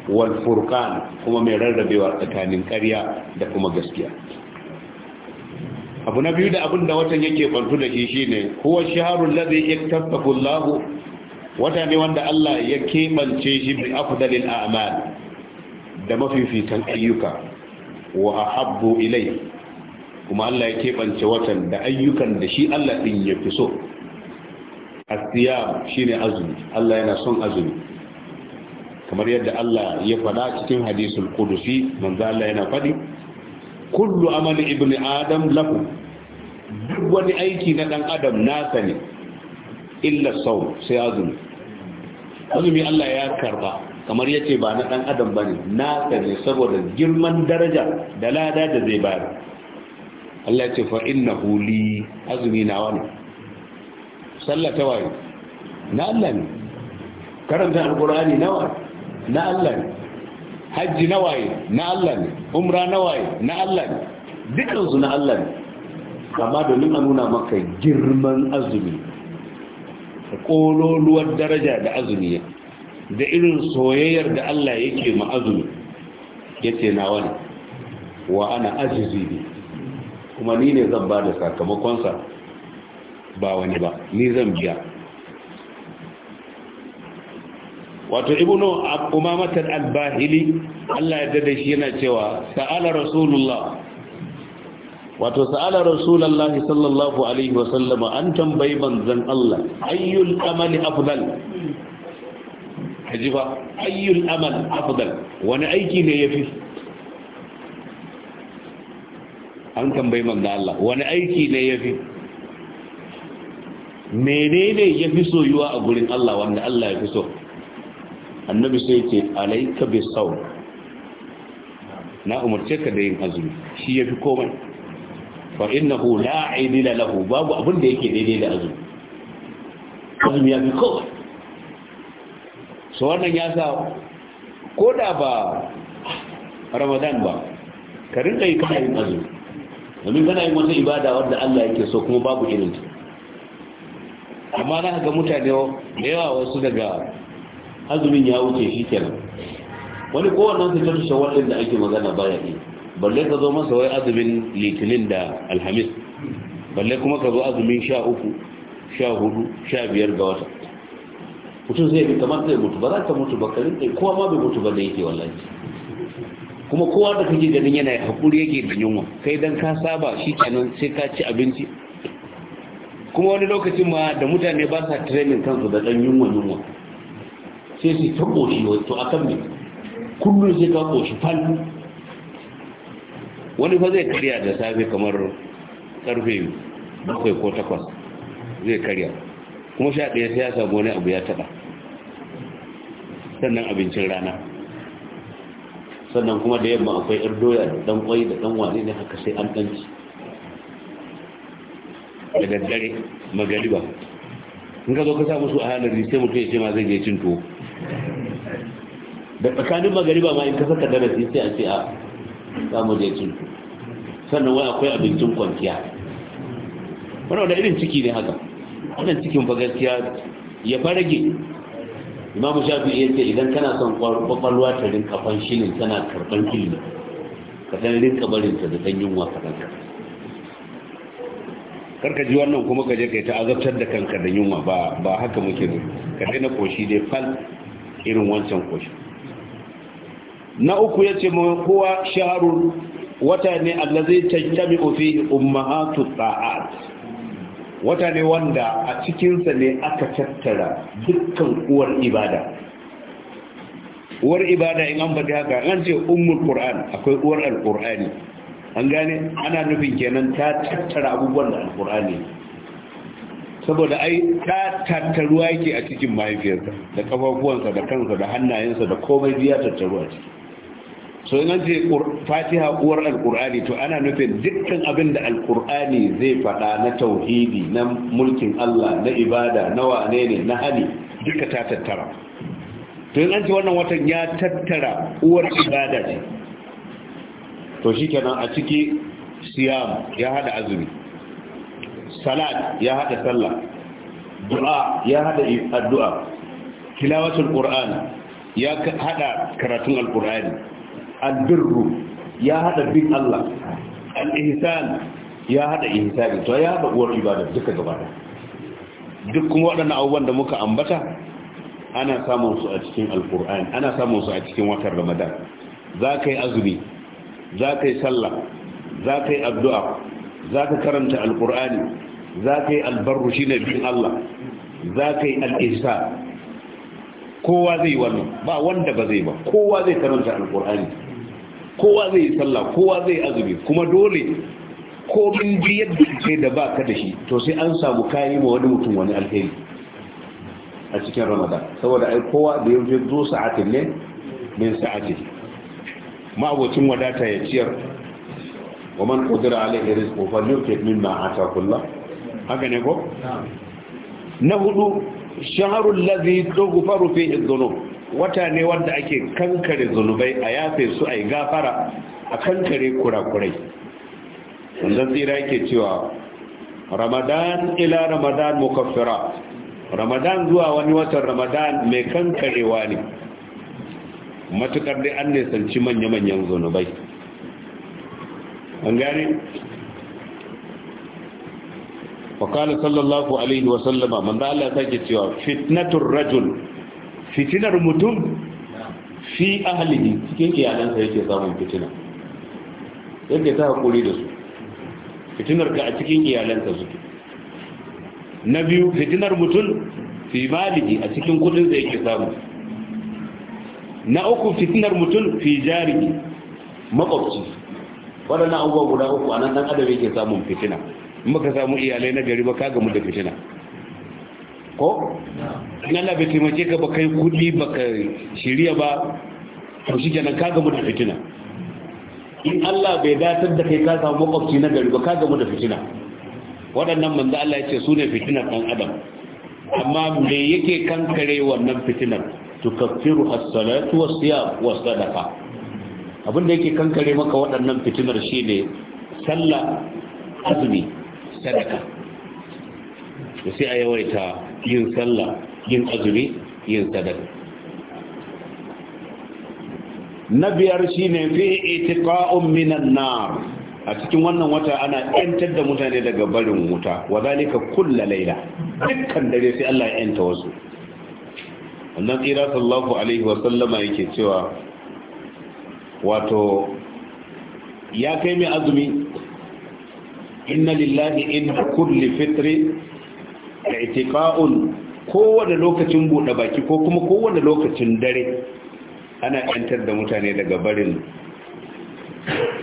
walfurkan kuma mai rarrabewa tsakanin karya da kuma gaskiya abu na biyu da abin da watan yake bantu da shi shine huwa shaharul ladhi yaktafaku Allah wata ne wanda Allah ya kebance shi bi afdalil a'mal da mafifitan ayyuka wa ahabbu ilai kuma Allah ya kebance watan da ayyukan da shi Allah din ya fi so asiyam shine azumi Allah yana son azumi kamar yadda Allah ya faɗa cikin hadisul qudusi manzo Allah yana faɗi kullu amali Ibn adam lahu duk wani aiki na dan adam nasa ne illa sau sai azumi azumi Allah ya karba kamar yace ba na dan adam bane nasa ne saboda girman daraja da lada da zai bayar Allah ce fa innahu li azumi nawa ne sallata waye na Allah ne karanta alqur'ani nawa na Allah ne hajji na waye na Allah ne umra na waye na Allah ne dukansu na Allah ne amma domin a nuna maka girman azumi da ƙololuwar daraja da azumi da irin soyayyar da Allah yake ma azumi ya ce na wani wa ana ajizi ne kuma ni ne zan ba da sakamakonsa ba wani ba ni zan biya wato ibnu umamatar al-bahili Allah ya dade shi yana cewa sa'ala rasulullah wato sa'ala rasulullahi sallallahu alaihi wa sallam, an tambayi manzon Allah ayyul amali afdal kaji ba ayyul amal afdal wani aiki ne yafi an tambayi manzon Allah wani aiki ne yafi menene ya fi soyuwa a gurin Allah wanda Allah ya fi so annabi sai ce alaika bi sau na umarce ka da yin azumi shi ya fi komai fa innahu la aidila lahu babu abin da yake daidai da azumi azumi ya fi komai so wannan ya sa ko da ba ramadan ba ka rinka yi kana yin azumi domin kana yin wata ibada wadda Allah yake so kuma babu irinta amma na ga mutane da yawa wasu daga azumin ya wuce shi kenan wani kowannen su tattu shawar ɗin da ake magana baya ne balle ka zo masa wai azumin litinin da alhamis balle kuma ka zo azumin sha uku sha hudu sha biyar ga wata mutum zai bi kamar zai mutu ba za ka mutu ba karin ɗai kowa ma bai mutu ba da yake wallahi kuma kowa da kake ganin yana haƙuri yake da yunwa kai dan ka saba shi kenan sai ka ci abinci kuma wani lokacin ma da mutane ba sa training kansu da ɗan yunwa yunwa sai su ta ƙoshi wato a kan mai kullum sai ka ƙoshi fal wani fa zai karya da safe kamar ƙarfe bakwai ko takwas zai karya kuma sha ɗaya sai ya samu wani abu ya taɓa sannan abincin rana sannan kuma da yamma akwai ɗan doya da ɗan ƙwai da ɗan wane ne haka sai an ɗanci da daddare magariba in ka zo ka sa musu a halar sai mutum ya ce ma zai je cin tuwo da tsakanin magariba ma in ka saka darasi sai a ce a samu je cin sannan wai akwai abincin kwanciya wani wadda irin ciki ne haka wannan cikin fa gaskiya ya farage imamu shafi iya ce idan kana son kwakwalwa ta rinka fanshilin tana karban ilimi ka san rinka barinta da san yunwa ka kanka karka ji wannan kuma ka je kai ta azabtar da kanka da yunwa ba haka muke ne ka na koshi dai fal irin wancan koshi na uku ya ce huwa kowa wata ne allazi tajtami'u fihi ummahatu ta'at wata ne wanda a cikinsa ne aka tattara dukkan uwar ibada uwar ibada in an bada haka an ce ummul qur'an akwai uwar alqur'ani an gane ana nufin kenan ta tattara abubuwan da alqur'ani saboda ai ta tattaruwa yake a cikin mahaifiyarsa da kafafuwansa da kansa da hannayensa da komai biya tattaruwa ciki so in an ce fatiha uwar alkur'ani to ana nufin dukkan abin da alkur'ani zai faɗa na tauhidi na mulkin allah na ibada na wane ne na hali duka ta tattara to in an ce wannan watan ya tattara uwar ibada ce to shi kenan a ciki siyam ya hada azumi salat ya hada sallah du'a ya hada addu'a tilawatul qur'an ya hada karatun alqur'ani albirru ya hada bin Allah al-ihsan ya hada ihsani to ya hada uwar ibada duka gaba da duk kuma waɗannan abubuwan da muka ambata ana samun su a cikin alkur'ani ana samun su a cikin watan ramadan za ka yi azumi za ka yi sallah za ka yi addu'a za ka karanta alkur'ani za ka yi albarru shi ne bin allah za ka yi al'isa kowa zai wannan ba wanda ba zai ba kowa zai karanta alkur'ani kowa zai yi sallah kowa zai azumi kuma dole komin biyar da ke da ba ka da shi to sai an samu kayi ma wani mutum wani alheri a cikin ramadan saboda ai kowa da ya zo sa'atin ne min sa'atin ma'abocin wadata ya ciyar wa man qadira alaihi rizqu falyunfiq mimma ataahu Allah haka ne ko na hudu shahrul ladhi tughfaru fihi dhunub wata ne wanda ake kankare zunubai a yafe su a yi gafara a kankare kurakurai wanda tsira yake cewa ramadan ila ramadan mukaffira ramadan zuwa wani watan ramadan mai kankarewa ne matukar dai an nisanci manya-manyan zunubai an gane wakali sallallahu alaihi wasallama manzo Allah ta ke cewa fitnatur rajul fitinar mutum fi ahalihi cikin iyalansa yake samun fitina yadda ta haƙuri da su fitinar ka a cikin iyalansa suke na biyu fitinar mutum fi maliki a cikin kudinsa yake samu na uku fitinar mutum fi jari makwabci waɗannan abubuwa guda uku a nan ɗan adam yake samun fitina in ka samu iyalai na gari ba ka gamu da fitina ko in Allah bai taimake ka ba kai kudi ba ka shirya ba to shi kenan ka gamu da fitina in Allah bai datar da kai ka samu makwabci na gari ba ka gamu da fitina waɗannan manzo Allah ya ce su ne fitinar ɗan adam amma me yake kankare wannan fitinar kafiru as-salatu was-siyam was-sadaqa abin da yake kankare maka waɗannan fitinar shine sallah azumi sadaka sai a yawaita yin sallah yin azumi yin sadaka na biyar shine fi itiqa'un minan nar a cikin wannan wata ana yantar da mutane daga barin wuta wa zalika kullu layla dukkan dare sai Allah ya yanta wasu annan tsira sallallahu alaihi wa sallama yake cewa wato ya kai mai azumi inna lillahi in kulli fitri da i'tiqa'un kowane lokacin buɗe baki ko kuma kowane lokacin dare ana yantar da mutane daga barin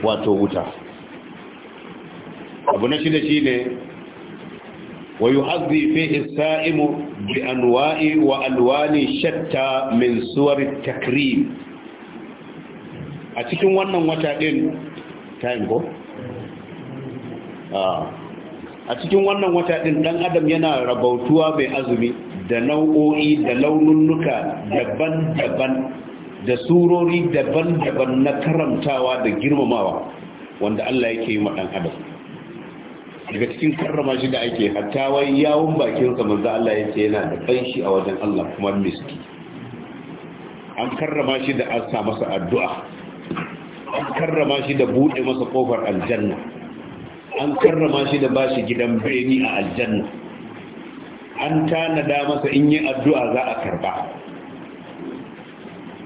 wato wuta abu na shida shine wa yuhazzi fihi saimu bi anwa'i wa alwani shatta min suwar takrim a cikin wannan wata din time ko ah. a cikin wannan wata din ɗan adam yana rabautuwa mai azumi da nau'o'i da laununnuka daban-daban da surori daban-daban na karamtawa da girmamawa wanda Allah yake yi dan adam daga cikin karrama shi da ake hatta wai yawon bakin sa manzo Allah yake yana da kanshi a wajen Allah kuma miski an karrama shi da an sa masa addu'a an karrama shi da buɗe masa kofar aljanna an karrama shi da ba shi gidan beni a aljanna an tanada masa in yi addu'a za a karba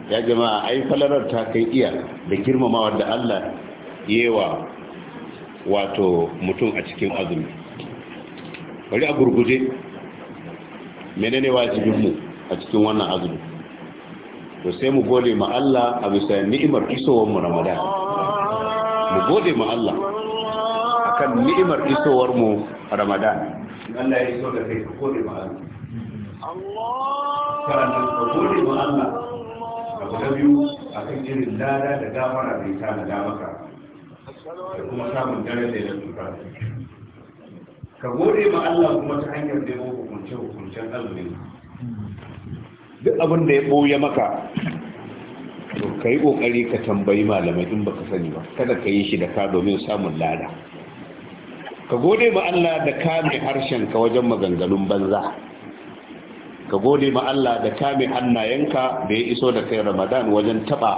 ya jama'a ai falarar ta kai iya da girmamawa da Allah yewa wato mutum a cikin azumi bari a gurguje menene wajibinmu a cikin wannan azumi to sai mu gode ma Allah a bisa ni'imar isowar mu Ramadan mu gode ma Allah akan ni'imar isowar mu Ramadan Allah ya iso da kai ka kore ma Allah sannan ka kore ma Allah abu na biyu akan irin lada da damara da ita na damaka da kuma samun dare da yanzu ka gode ma Allah kuma ta hanyar nemo hukunce hukuncen azumin duk abin da ya ɓoye maka to ka yi ƙoƙari ka tambayi malamai in baka sani ba kada ka yi shi da ka domin samun lada ka gode ma Allah da kame harshen ka wajen maganganun banza ka gode ma Allah da kame hannayenka da ya iso da kai Ramadan wajen taba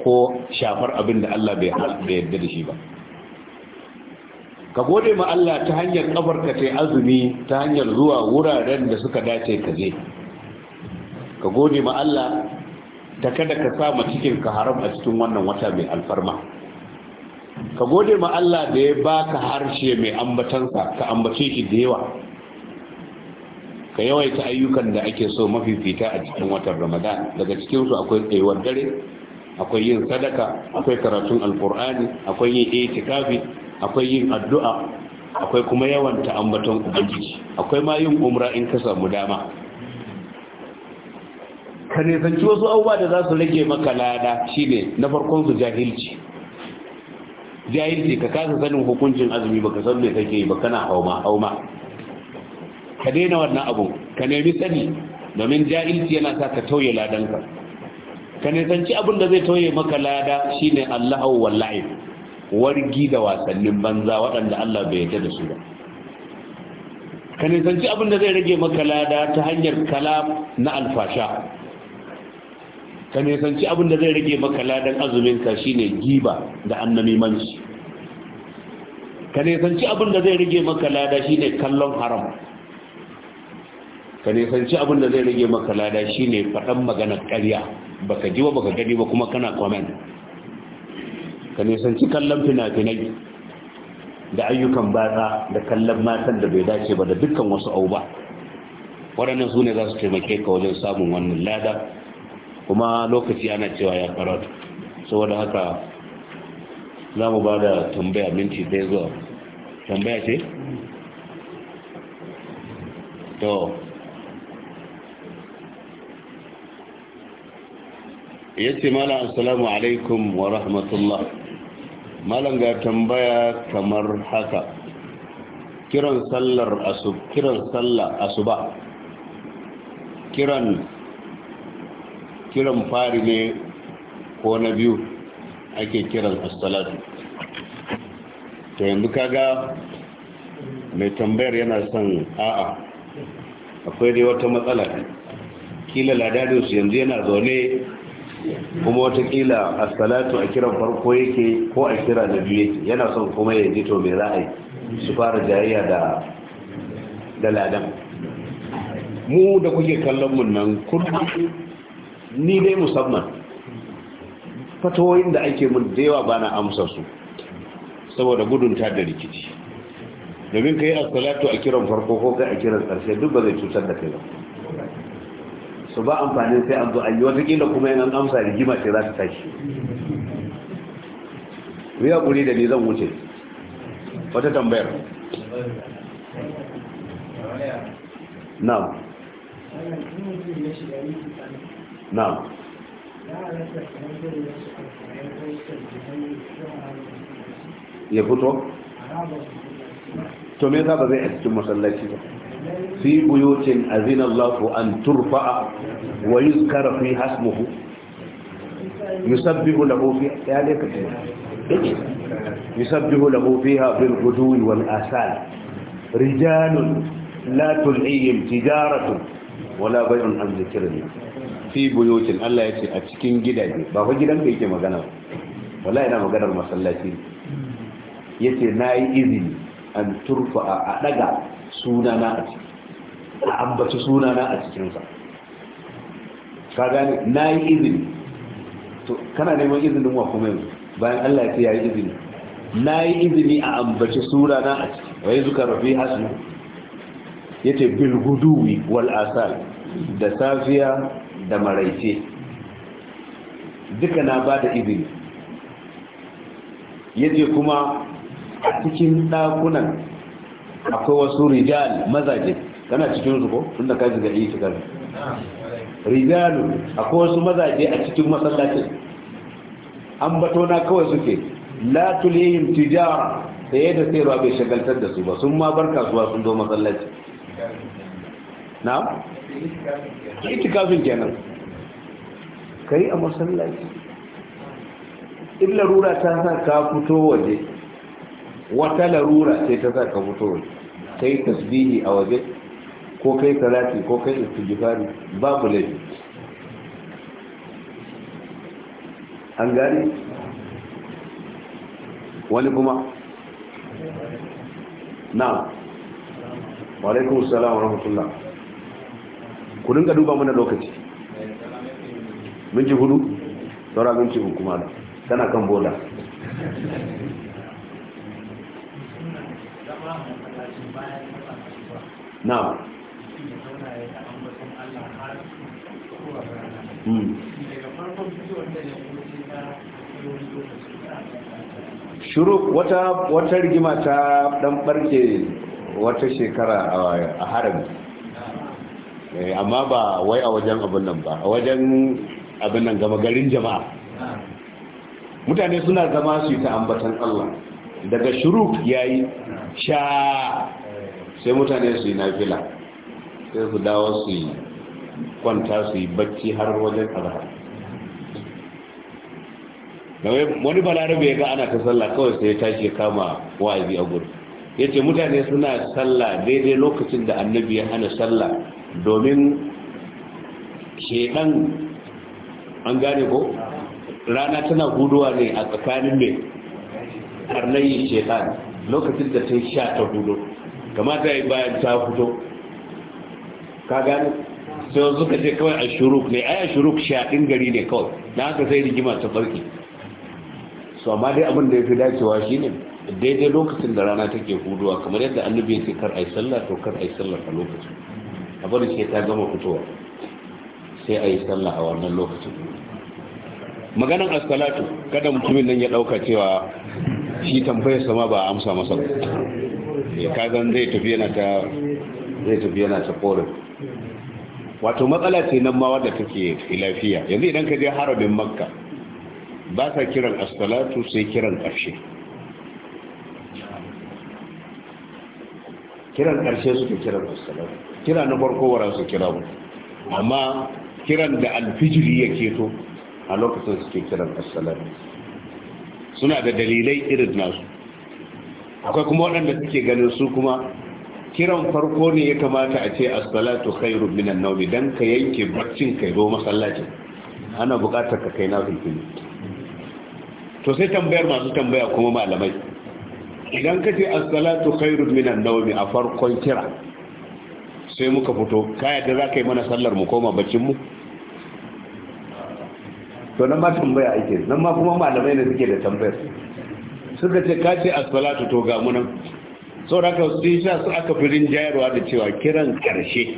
ko shafar abin da Allah bai yarda da shi ba ka gode ma Allah ta hanyar kafarka sai azumi ta hanyar zuwa wuraren da suka dace ka je ka gode ma Allah ta kada ka sa ma cikin ka haram a cikin wannan wata mai alfarma ka gode ma Allah da ya baka harshe mai ambatansa ka ambace shi da yawa ka yawaita ayyukan da ake so mafifita a cikin watan ramadan daga cikinsu akwai tsayuwar dare akwai yin sadaka akwai karatun alkur'ani akwai yin itikafi akwai yin addu'a akwai kuma yawan ta ambaton ubangiji akwai ma yin umra in ka samu dama ka nisanci wasu abubuwa da za su rage maka lada shine na farkon su jahilci jahilci ka kasa sanin hukuncin azumi baka san me kake yi ba kana hauma hauma ka daina wannan abu ka nemi sani domin jahilci yana sa ka tauye ladanka ka nisanci abin da zai tauye maka lada shine Allahu wallahi wargi da wasannin banza waɗanda Allah bai yarda da su ba ka nisanci abin da zai rage maka lada ta hanyar kalam na alfasha ka nisanci abin da zai rage maka ladan azumin ka shine giba da annamimanci ka nisanci abin da zai rage maka lada shine kallon haram ka nisanci abin da zai rage maka lada shine faɗan maganar ƙarya baka ji ba baka gani ba kuma kana comment ka nisanci kallon fina-finai da ayyukan baza da kallon matan da bai dace ba da dukkan wasu auba waɗannan su ne za su taimake ka wajen samun wannan lada kuma lokaci ana cewa ya karatu saboda haka za mu ba da tambaya minti ɗaya zuwa tambaya ce? to ya ce mala assalamu alaikum wa rahmatullah malam ga tambaya kamar haka kiran sallar asuba kiran kiran fari ne ko na biyu ake kiran asalatu. to yanzu kaga mai tambayar yana son a'a akwai dai wata matsala kila ladadin yanzu yana zaune kuma watakila a asalatu a kiran farko yake ko a kira na biyu yana son kuma ya to mai ra'ayi su fara jayayya da da ladan mu da kuke kallon mun nan kullum ni dai musamman fatoyin da ake mun da yawa ba na amsa su saboda gudun ta da rikici domin ka yi a salatu a kiran farko ko ka a kiran ƙarshe duk ba zai cutar da kai ba su ba amfani sai an zo an yi watakila kuma yanan amsa rigima ce za ta tashi wuya guri da ni zan wuce wata tambayar na na'am ya fito to me za ba zai a cikin masallaci ba fi buyutin azina an turfa'a wa yuzkara fi hasmuhu yusabbihu lahu fi ya dai kace يسبح له فيها بالغدو والآسال رجال لا تلعيهم تجارة ولا بيع عن ذكر الله fi buyutin Allah ya ce a cikin gidaje ba fa gidan ka yake magana wallahi ina maganar masallaci yace nayi izini an turfa a daga sunana a ciki a ambaci sunana a cikinsa ka gane na yi izini to kana neman izinin wa kuma yanzu bayan Allah ya ce ya yi izini na yi izini a ambaci sunana a ciki wai zuka rafi hasu Yace bil guduwi wal asal da safiya da maraice duka na ba da izini yace kuma a cikin ɗakunan akwai wasu rijal mazaje kana cikin su ko tunda ka shiga yi shigar rijalu akwai wasu mazaje a cikin masallacin an bato na kawai suke la tulihim tijara sai da sayarwa bai shagaltar da su ba sun ma bar kasuwa sun zo masallaci na? itikafin kenan ka yi a masallaci in larura ta sa ka fito waje wata larura sai ta sa ka fito waje ka yi tasbihi a waje ko kai salati ko kai istighfari babu laifi an gane wani kuma na wa alaikun salam wa rahmatullah ku dinga duba mana lokaci minti hudu saura minti uku ma tana kan boda na hmm. shuru wata rigima ta dan barke wata shekara a harami Eh, amma ba wai a wajen abin nan ba a wajen abin nan gama garin jama'a mutane suna zama su yi ta ambatan Allah daga shuruk yi sha sai mutane su yi nafila sai su dawo su yi kwanta su yi bacci har wajen azhar wani balarabe ya ga ana ta sallah kawai sai ya tashi kama wa'azi a gudu ya ce mutane suna sallah daidai lokacin da annabi ya hana sallah domin shedan an gane ko rana tana huduwa ne a tsakanin mai karnayi shedan lokacin da ta yi sha ta hudu kamata ta yi bayan ta fito ka gane sai suka ce kawai a shuruk ne ai a shuruk shaɗin gari ne kawai na haka sai rigima ta barki su amma dai abin da ya fi dacewa shi ne daidai lokacin da rana take huduwa kamar yadda annabi ya ce kar a yi sallah to kar a yi sallah a lokacin a bari sai ta gama fitowa sai a yi sallah a wannan lokacin maganan Asalatu kada mutumin nan ya dauka cewa shi tambayar sama ba amsa masa ba ya kazan zai tafi yana ta zai tafi yana ta korin wato matsala ce nan ma wadda take lafiya yanzu idan ka je harabin makka ba sa kiran Asalatu sai kiran ƙarshe kiran ƙarshe suke kiran Asalatu. kira na farko wa su kira mu amma kiran da alfijiri ya keto a lokacin suke kiran assalamu suna da dalilai irin nasu akwai kuma waɗanda suke ganin su kuma kiran farko ne ya kamata a ce assalatu khairu minan nawmi dan ka yanke barcin kai zo masallacin ana buƙatar ka kai nafilfili to sai tambayar masu tambaya kuma malamai idan ka ce assalatu khairu minan nawmi a farkon kira sai muka fito ka yadda za ka yi mana sallar mu koma baccin mu to nan ma tambaya ake nan ma kuma malamai ne suke da tambayar suka ce ka ce asfalatu salatu to ga munan nan da haka su yi su aka fi jayarwa da cewa kiran karshe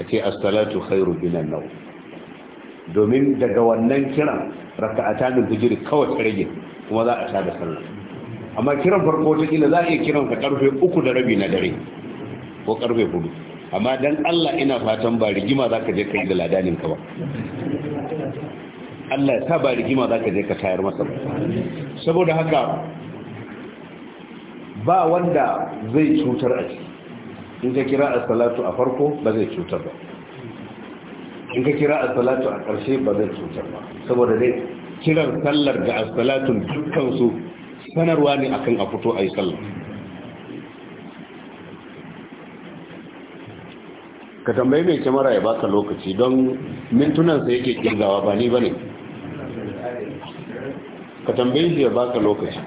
a ce asfalatu khairu minan nawm domin daga wannan kiran raka a min fijiri kawai ta rage kuma za a da sallah amma kiran farko ta kila za a iya kiran ka karfe uku da rabi na dare ko karfe hudu amma dan Allah ina fatan ba rigima za je kai da ladanin ka ba Allah ta ba rigima za je ka tayar masa saboda haka ba wanda zai cutar a ci, in ka kira as salatu a farko ba zai cutar ba in ka kira as salatu a ƙarshe ba zai cutar ba saboda dai kiran sallar as-salatu dukkan dukkansu sanarwa ne akan a fito a yi sallar ka tambayi mai kyamara ya baka lokaci don mintunansa yake kirgawa ba ni ba ne ka tambayi shi ya baka lokaci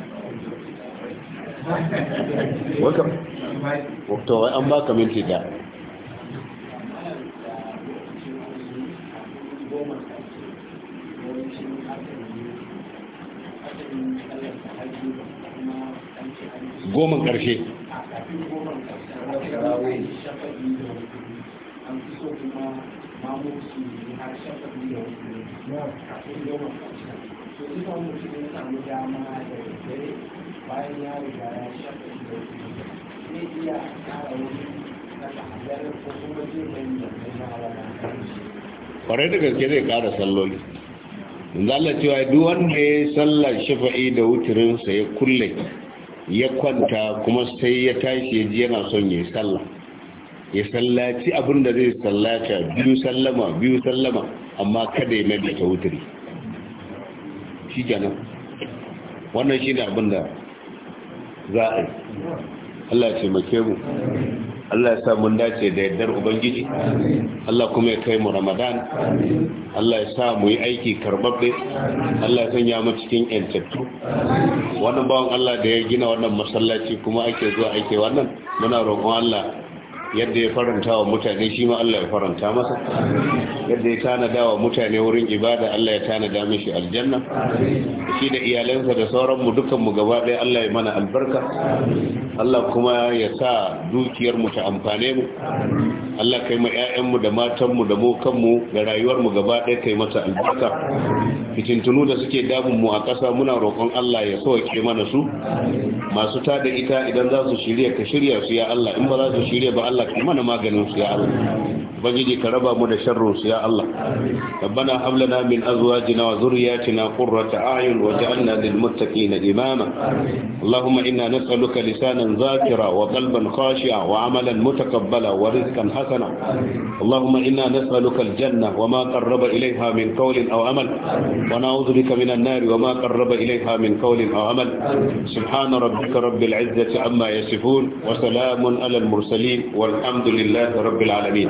wai an baka minti da goma karshe. kuma da wasu zai iya kara wani ko kuma kwarai da gaske zai kara salloli zalla cewa duk wanda ya sallar shafa'i da wuturinsa ya kulle ya kwanta kuma sai ya tashi ya ji yana son ya yi sallah ya sallaci abin da zai sallaca biyu sallama biyu sallama amma kada ya mai ta wuturi shi kenan wannan shi ne abin da za a yi Allah ya mace mu Allah ya sa mun dace da yardar Ubangiji, Allah kuma ya kai mu Ramadan, Allah ya sa mu yi aiki karbabbe, Allah ya sanya mu cikin ‘yantattu. Wannan bawon Allah da ya gina wannan masallaci kuma ake zuwa ake wannan, muna roƙon Allah yadda ya faranta wa mutane shi ma Allah ya faranta masa yadda ya tanada wa mutane wurin ibada Allah ya tanada mishi aljanna shi da iyalansa da sauran mu dukan gaba ɗaya Allah ya mana albarka Allah kuma ya sa dukiyar mu ta amfane mu Allah kai mu ƴaƴan mu da matan da mu da rayuwarmu mu gaba ɗaya kai masa albarka fitintunu da suke damun mu a ƙasa muna roƙon Allah ya sauke mana su masu tada ita idan za su shirya ka shirya su ya Allah in ba za su shirya ba Allah ka mana maganin su ya Allah ubangiji ka raba mu da sharrin su ya Allah rabbana hab lana min azwajina wa dhurriyyatina qurrata a'yun waj'alna lil muttaqina imama allahumma inna nas'aluka lisanan zakira wa qalban khashi'a wa amalan mutaqabbala wa rizqan hasana allahumma inna nas'aluka al janna wa ma qarraba ilayha min qawlin aw amal ونعوذ بك من النار وما قرب إليها من قول أو عمل سبحان ربك رب العزة عما يصفون وسلام على المرسلين والحمد لله رب العالمين